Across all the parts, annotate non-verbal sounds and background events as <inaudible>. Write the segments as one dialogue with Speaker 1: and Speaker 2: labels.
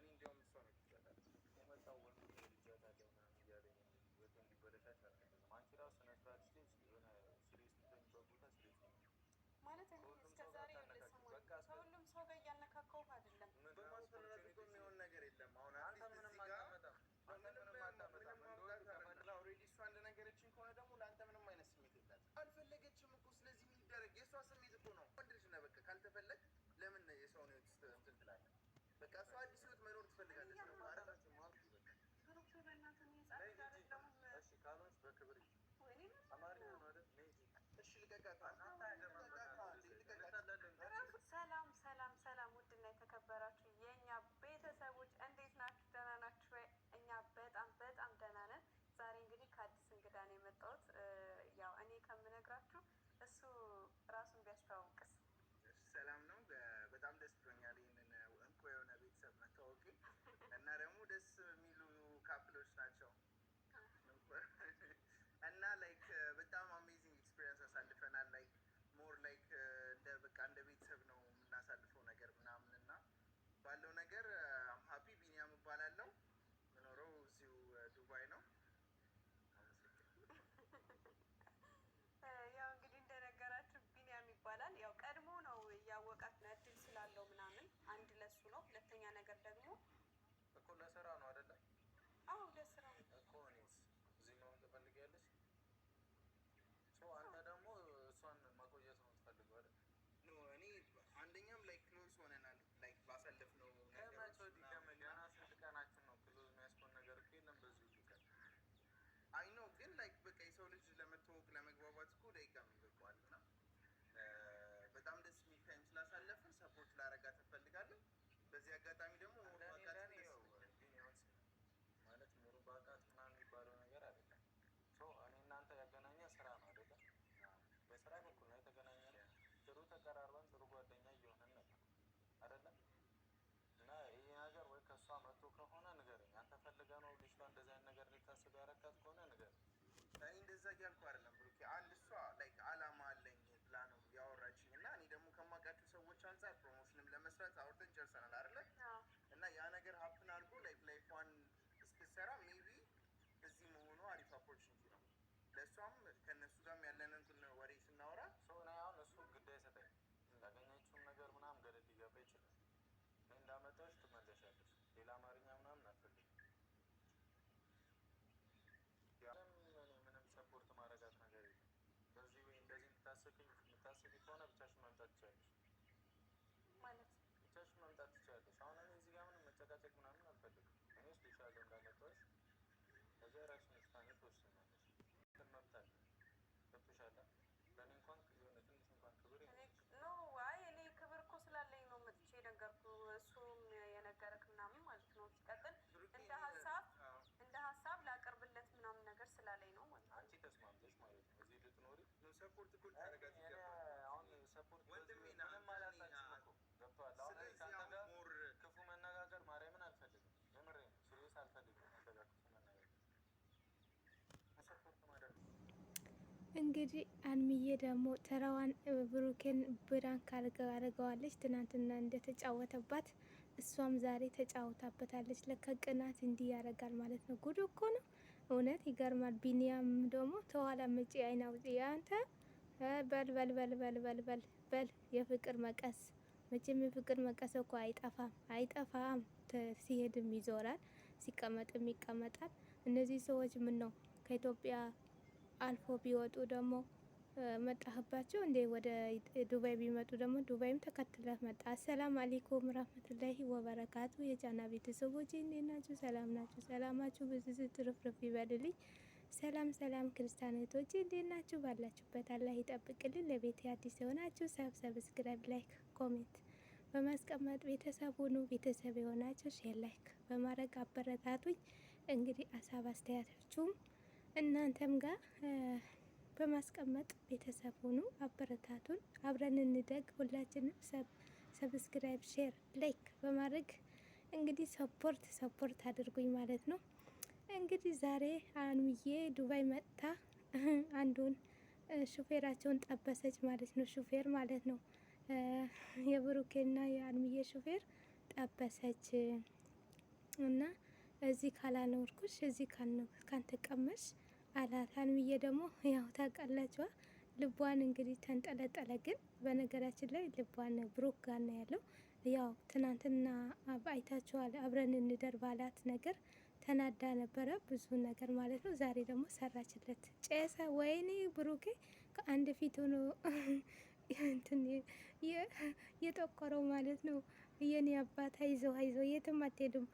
Speaker 1: እኔ እንዲያውም እሷ ነው ይችላታል የመጣው ወንድ ልጅታት የሆነ ሚዲያ ላይ እንዲበለሻሽ
Speaker 2: አልፈልግም። አንቺ ራሱ ስነ ስርዓት ስቴጅ የሆነ ሲሪየስ የምትሆኝበት ቦታ ሲሪየስ ነው ማለት እኔ እስከ ዛሬ ከሁሉም ሰው ጋር እያነካከው አይደለም።
Speaker 1: በማስፈራራት የሚሆን ነገር የለም። አሁን አንተ ምንም አታመጣም፣ ምንም አታመጣም። እንደሆነ ኦልሬዲ እሷ እንደነገረችኝ ከሆነ ደግሞ ለአንተ ምንም አይነት ነው። ወንድ Zagian Quaresma.
Speaker 2: የተሻለ እንዳመጣሽ ከዛ የራሱን ውሳኔ ትወስኛለሽ። መብት አለ። ገብቶሻል። ለእኔ እንኳን የሆነ ትንሽ እንኳን ክብር
Speaker 1: ኖ አይ እኔ ክብር እኮ ስላለኝ
Speaker 2: ነው መጥቼ የነገርኩህ። እሱም የነገረክ ምናምን ማለት ነው። ሲቀጥል እንደ ሀሳብ እንደ ሀሳብ ላቀርብለት ምናምን ነገር ስላለኝ ነው ማለት ነው።
Speaker 1: አንቺ ተስማምተሽ ማለት ነው እዚህ ልትኖሪ ሰፖርት ኩል
Speaker 2: እንግዲህ አልሚዬ ደግሞ ተራዋን ብሩኬን ብራንክ አድርገዋለች። ትናንትና እንደተጫወተባት እሷም ዛሬ ተጫውታበታለች። ለካ ቅናት እንዲህ ያደርጋል ማለት ነው። ጉድ እኮ ነው፣ እውነት ይገርማል። ቢኒያም ደግሞ ተኋላ መጪ አይን አውጪ በል በል በል በል በል በል በል የፍቅር መቀስ መቼም የፍቅር መቀስ እኮ አይጠፋም አይጠፋም። ሲሄድም ይዞራል፣ ሲቀመጥም ይቀመጣል። እነዚህ ሰዎች ምን ነው ከኢትዮጵያ አልፎ ቢወጡ ደግሞ መጣህባቸው እንዴ? ወደ ዱባይ ቢመጡ ደግሞ ዱባይም ተከትለህ መጣ። አሰላም አሌይኩም ረህመቱላሂ ወበረካቱ። የጫና ቤተሰቦች እንዴት ናችሁ? ሰላም ናችሁ? ሰላማችሁ ብዙ ትርፍርፍ ይበልልኝ። ሰላም ሰላም ክርስቲያን እህቶች እንዴ ናችሁ? ባላችሁበት አላህ ይጠብቅልን። ለቤት አዲስ የሆናችሁ ሰብ ሰብስክራይብ፣ ላይክ፣ ኮሜንት በማስቀመጥ ቤተሰብ ሁኑ። ቤተሰብ የሆናችሁ ሼር፣ ላይክ በማድረግ አበረታቱኝ። እንግዲህ አሳብ አስተያየታችሁም እናንተም ጋር በማስቀመጥ ቤተሰብ ሆኑ፣ አበረታቱን፣ አብረን እንደግ። ሁላችንም ሰብስክራይብ፣ ሼር፣ ላይክ በማድረግ እንግዲህ ሰፖርት ሰፖርት አድርጉኝ ማለት ነው። እንግዲህ ዛሬ አንዬ ዱባይ መጥታ <laughs> አንዱን ሹፌራቸውን ጠበሰች ማለት ነው። ሹፌር ማለት ነው የብሩኬና የአንዬ ሹፌር ጠበሰች እና እዚህ ካላኖርኩሽ እዚህ ካልተቀመሽ አላት። ሀይሚዬ ደግሞ ያው ታውቃላችኋ ልቧን እንግዲህ ተንጠለጠለ። ግን በነገራችን ላይ ልቧን ብሩክ ጋር ነው ያለው። ያው ትናንትና አይታችኋል። አብረን እንደር ባላት ነገር ተናዳ ነበረ ብዙ ነገር ማለት ነው። ዛሬ ደግሞ ሰራችለት ጨሰ። ወይኔ ብሩኬ ከአንድ ፊት ሆኖ እንትን የጠቆረው ማለት ነው። የኔ አባት አይዞ አይዞ የትም አትሄዱም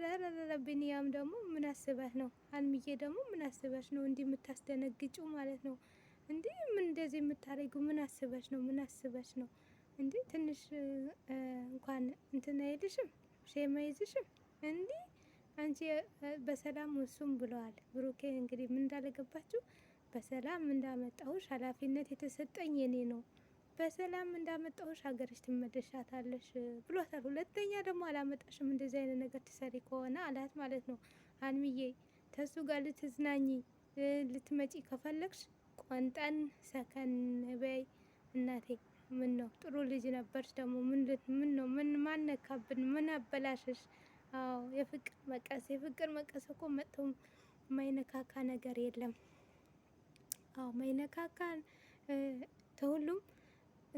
Speaker 2: ረረረ ብንያም ደግሞ ምን አስበህ ነው? አልምዬ ደግሞ ምን አስበሽ ነው እንዲህ የምታስደነግጭው ማለት ነው? እንዲህ ምን እንደዚህ የምታደርጊው ምን አስበሽ ነው? ምን አስበሽ ነው? እንዲህ ትንሽ እንኳን እንትን አይልሽም፣ ሼም አይዝሽም። እንዲህ አንቺ በሰላም እሱም ብለዋል ብሩኬ። እንግዲህ ምን እንዳለገባችሁ በሰላም እንዳመጣሁሽ ኃላፊነት የተሰጠኝ የኔ ነው በሰላም እንዳመጣሁሽ ሀገርሽ ትመለሻታለሽ ብሏታል። ሁለተኛ ደግሞ አላመጣሽም እንደዚህ አይነት ነገር ትሰሪ ከሆነ አላት ማለት ነው። አልሚዬ ከሱ ጋር ልትዝናኝ ልትመጪ ከፈለግሽ ቆንጠን ሰከን በይ እናቴ። ምን ነው ጥሩ ልጅ ነበርሽ ደግሞ ምን ነው ምን ማነካብን ምን አበላሽሽ? አዎ የፍቅር መቀስ የፍቅር መቀስ እኮ መጥቶ ማይነካካ ነገር የለም። አዎ ማይነካካ ተሁሉም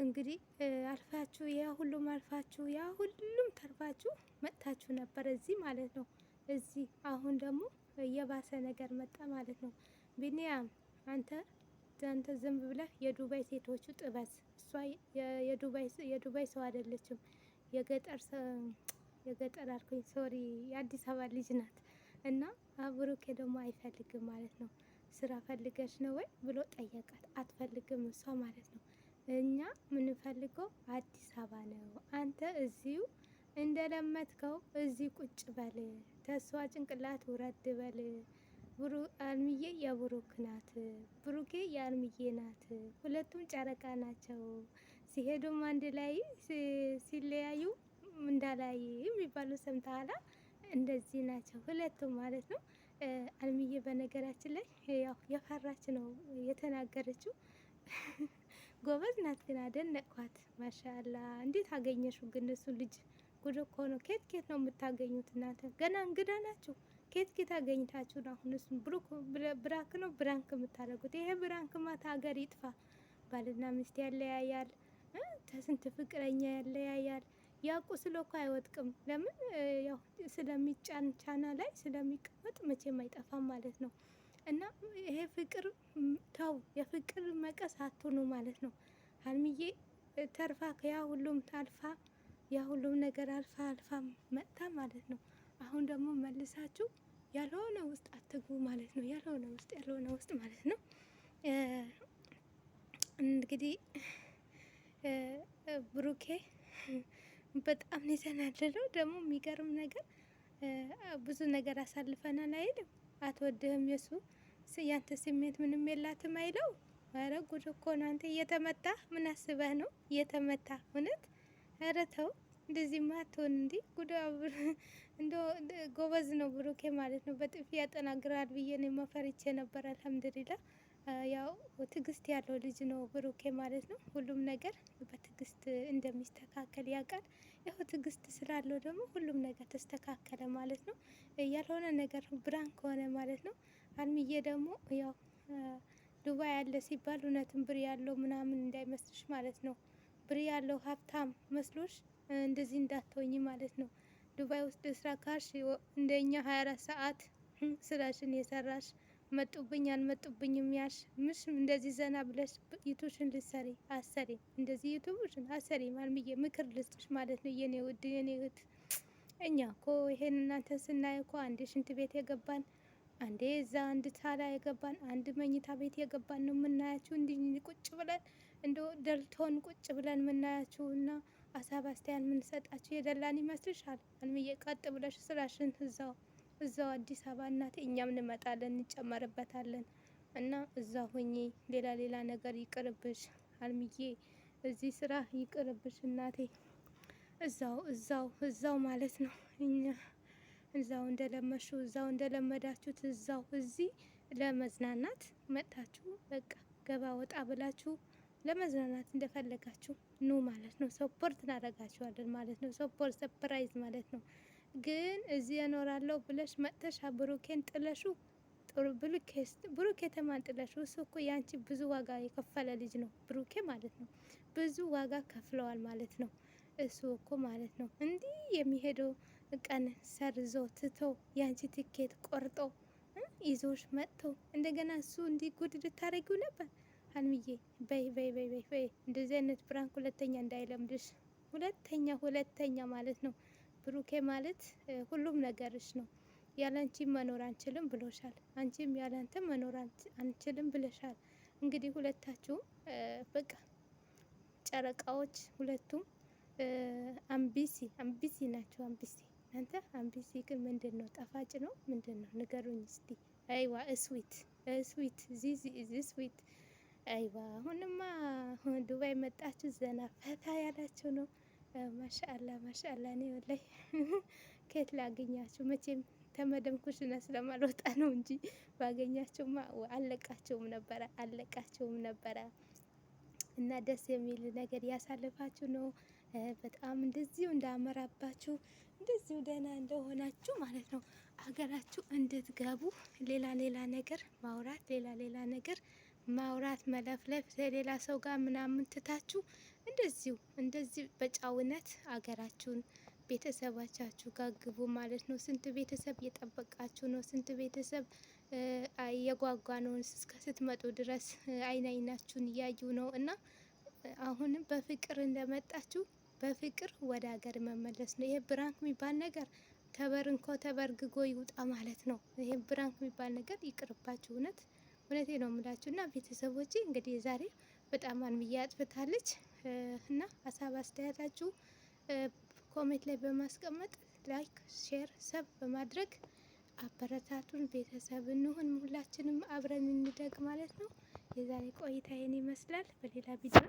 Speaker 2: እንግዲህ አልፋችሁ ያ ሁሉም አልፋችሁ ያ ሁሉም ተርፋችሁ መጥታችሁ ነበር እዚህ ማለት ነው። እዚህ አሁን ደግሞ የባሰ ነገር መጣ ማለት ነው። ቢኒያም አንተ አንተ ዝም ብለህ የዱባይ ሴቶቹ ጥበስ። እሷ የዱባይ ሰው አይደለችም፣ የገጠር የገጠር አልኩኝ ሶሪ፣ የአዲስ አበባ ልጅ ናት። እና ብሩኬ ደግሞ አይፈልግም ማለት ነው። ስራ ፈልገሽ ነው ወይ ብሎ ጠየቃት። አትፈልግም እሷ ማለት ነው። እኛ የምንፈልገው አዲስ አበባ ነው። አንተ እዚሁ እንደለመትከው እዚህ ቁጭ በል፣ ተስዋ ጭንቅላት ውረድ በል። አልምዬ የብሩክ ናት፣ ብሩኬ የአልምዬ ናት። ሁለቱም ጨረቃ ናቸው። ሲሄዱም አንድ ላይ ሲለያዩ እንዳላይ የሚባሉ ሰምተሃል? እንደዚህ ናቸው ሁለቱም ማለት ነው። አልምዬ በነገራችን ላይ ያው የፈራች ነው የተናገረችው። <laughs> ጎበዝ ናት ግን አደነቅኳት። ማሻላ እንዴት አገኘሹ ግን ልጅ ጉድ እኮ ነው። ኬት ኬት ነው የምታገኙት እናንተ ገና እንግዳ ናችሁ። ኬት ኬት አገኝታችሁ ነው አሁን እሱ ብሩክ ብራክ ነው ብራንክ የምታደርጉት። ይሄ ብራንክ ማታ ሀገር ይጥፋ። ባልና ሚስት ያለያያል፣ ተስንት ፍቅረኛ ያለያያል። ያቁ ቁስል እኮ ለምን ያው ስለሚጫን ቻና ላይ ስለሚቀመጥ መቼም አይጠፋም ማለት ነው። እና ይሄ ፍቅር ተው፣ የፍቅር መቀስ አትሆኑ ማለት ነው። ሀልሚዬ ተርፋ ከያ ሁሉም አልፋ ያ ሁሉም ነገር አልፋ አልፋ መጥታ ማለት ነው። አሁን ደግሞ መልሳችሁ ያልሆነ ውስጥ አትግቡ ማለት ነው። ያልሆነ ውስጥ ያልሆነ ውስጥ ማለት ነው። እንግዲህ ብሩኬ በጣም ነው የተናደደው። ደግሞ የሚገርም ነገር ብዙ ነገር አሳልፈናል አይልም። አትወድህም የሱ ያንተ ስሜት ምንም የላትም አይለው። አረ ጉድ እኮ ነው አንተ። እየተመታ ምን አስበህ ነው እየተመታ? እውነት አረ ተው እንደዚህማ አትሆን። እንዲ ጉድ <laughs> እንደ ጎበዝ ነው ብሩኬ ማለት ነው። በጥፊ ያጠናግራል ብዬ ነው መፈርቼ ነበር። አልሐምዱሊላ ያው ትዕግስት ያለው ልጅ ነው ብሩኬ ማለት ነው። ሁሉም ነገር በትግስት እንደሚስተካከል ያውቃል። ያው ትዕግስት ስላለው ደግሞ ሁሉም ነገር ተስተካከለ ማለት ነው። ያልሆነ ነገር ብራን ከሆነ ማለት ነው አልምዬ ደግሞ ያው ዱባይ ያለ ሲባል እውነትም ብር ያለው ምናምን እንዳይመስልሽ ማለት ነው። ብር ያለው ሀብታም መስሎሽ እንደዚህ እንዳትሆኝ ማለት ነው። ዱባይ ውስጥ ስራ ካሽ እንደኛ ሀያ አራት ሰዓት <clears throat> ስራሽን የሰራሽ መጡብኝ አልመጡብኝም ያልሽ ምሽ እንደዚህ ዘና ብለሽ ዩቱብሽን ልሰሪ አሰሪ እንደዚህ ዩቱብሽን አሰሪ አልምዬ ምክር ልስጥሽ ማለት ነው። የኔ ውድ የኔ እኛ ኮ ይሄን እናንተ ስናይ ኮ አንድ ሽንት ቤት የገባን አንዴ እዛ አንድ ታላ የገባን አንድ መኝታ ቤት የገባን ነው የምናያችሁ። እንዲህ ቁጭ ብለን እንደ ደልቶን ቁጭ ብለን የምናያችሁ እና አሳብ አስተያን የምንሰጣችሁ የደላን ይመስልሻል? አልምዬ ቀጥ ብለሽ ስራሽን እዛው እዛው አዲስ አበባ እናቴ፣ እኛም እንመጣለን እንጨመርበታለን እና እዛ ሁኚ፣ ሌላ ሌላ ነገር ይቅርብሽ አልምዬ፣ እዚህ ስራ ይቅርብሽ እናቴ፣ እዛው እዛው እዛው ማለት ነው እኛ እዛው እንደለመሹ እዛው እንደለመዳችሁት እዛው እዚህ ለመዝናናት መጣችሁ። በቃ ገባ ወጣ ብላችሁ ለመዝናናት እንደፈለጋችሁ ኑ ማለት ነው። ሰፖርት እናደርጋችኋለን ማለት ነው። ሰፖርት ሰፕራይዝ ማለት ነው። ግን እዚህ እኖራለሁ ብለሽ መጥተሽ ብሩኬን ጥለሹ ብሩኬ ተማን ጥለሹ። እሱ እኮ ያንቺ ብዙ ዋጋ የከፈለ ልጅ ነው ብሩኬ ማለት ነው። ብዙ ዋጋ ከፍለዋል ማለት ነው። እሱ እኮ ማለት ነው እንዲህ የሚሄደው ቀን ሰርዞ ትቶ የአንቺ ትኬት ቆርጦ ይዞሽ መጥቶ እንደገና እሱ እንዲህ ጉድ ልታረጊው ነበር። ሀይሚዬ በይ በይ በይ በይ በይ እንደዚህ አይነት ብራንክ ሁለተኛ እንዳይለምድሽ። ሁለተኛ ሁለተኛ ማለት ነው ብሩኬ ማለት ሁሉም ነገርሽ ነው። ያላንቺም መኖር አንችልም ብሎሻል። አንቺም ያላንተ መኖር አንችልም ብለሻል። እንግዲህ ሁለታችሁም በቃ ጨረቃዎች ሁለቱም አምቢሲ አምቢሲ ናቸው አምቢሲ አንተ አምቢሲ ግን ምንድን ነው? ጣፋጭ ነው ምንድን ነው? ንገሩኝ እስቲ። አይዋ ስዊት ስዊት ዚዚ ስዊት አይዋ። አሁንማ ዱባይ መጣችሁ ዘና ፈታ ያላችሁ ነው። ማሻአላ ማሻአላ። እኔ ወላሂ <laughs> ከየት ላገኛችሁ? መቼም ተመደም ኩሽና ስለማልወጣ ነው እንጂ ባገኛችሁማ አለቃችሁም ነበረ አለቃችሁም ነበረ። እና ደስ የሚል ነገር ያሳልፋችሁ ነው። በጣም እንደዚሁ እንዳመራባችሁ እንደዚሁ ደህና እንደሆናችሁ ማለት ነው አገራችሁ እንድትገቡ ሌላ ሌላ ነገር ማውራት ሌላ ሌላ ነገር ማውራት መለፍለፍ ለሌላ ሰው ጋር ምናምን ትታችሁ እንደዚሁ እንደዚህ በጫውነት አገራችሁን ቤተሰባቻችሁ ጋር ግቡ ማለት ነው። ስንት ቤተሰብ እየጠበቃችሁ ነው። ስንት ቤተሰብ እየጓጓ ነው። እስከ ስትመጡ ድረስ አይን አይናችሁን እያዩ ነው እና አሁንም በፍቅር እንደመጣችሁ በፍቅር ወደ ሀገር መመለስ ነው። ይሄ ብራንክ የሚባል ነገር ተበርንኮ ተበርግጎ ይውጣ ማለት ነው። ይሄ ብራንክ የሚባል ነገር ይቅርባችሁ። እውነት እውነቴ ነው የምላችሁ እና ቤተሰቦቼ እንግዲህ ዛሬ በጣም አንብዬ አጥፍታለች እና ሀሳብ አስተያየታችሁ ኮሜንት ላይ በማስቀመጥ ላይክ፣ ሼር፣ ሰብ በማድረግ አበረታቱን። ቤተሰብ እንሁን፣ ሁላችንም አብረን እንደግ ማለት ነው። የዛሬ ቆይታ ይህን ይመስላል። በሌላ ቪዲዮ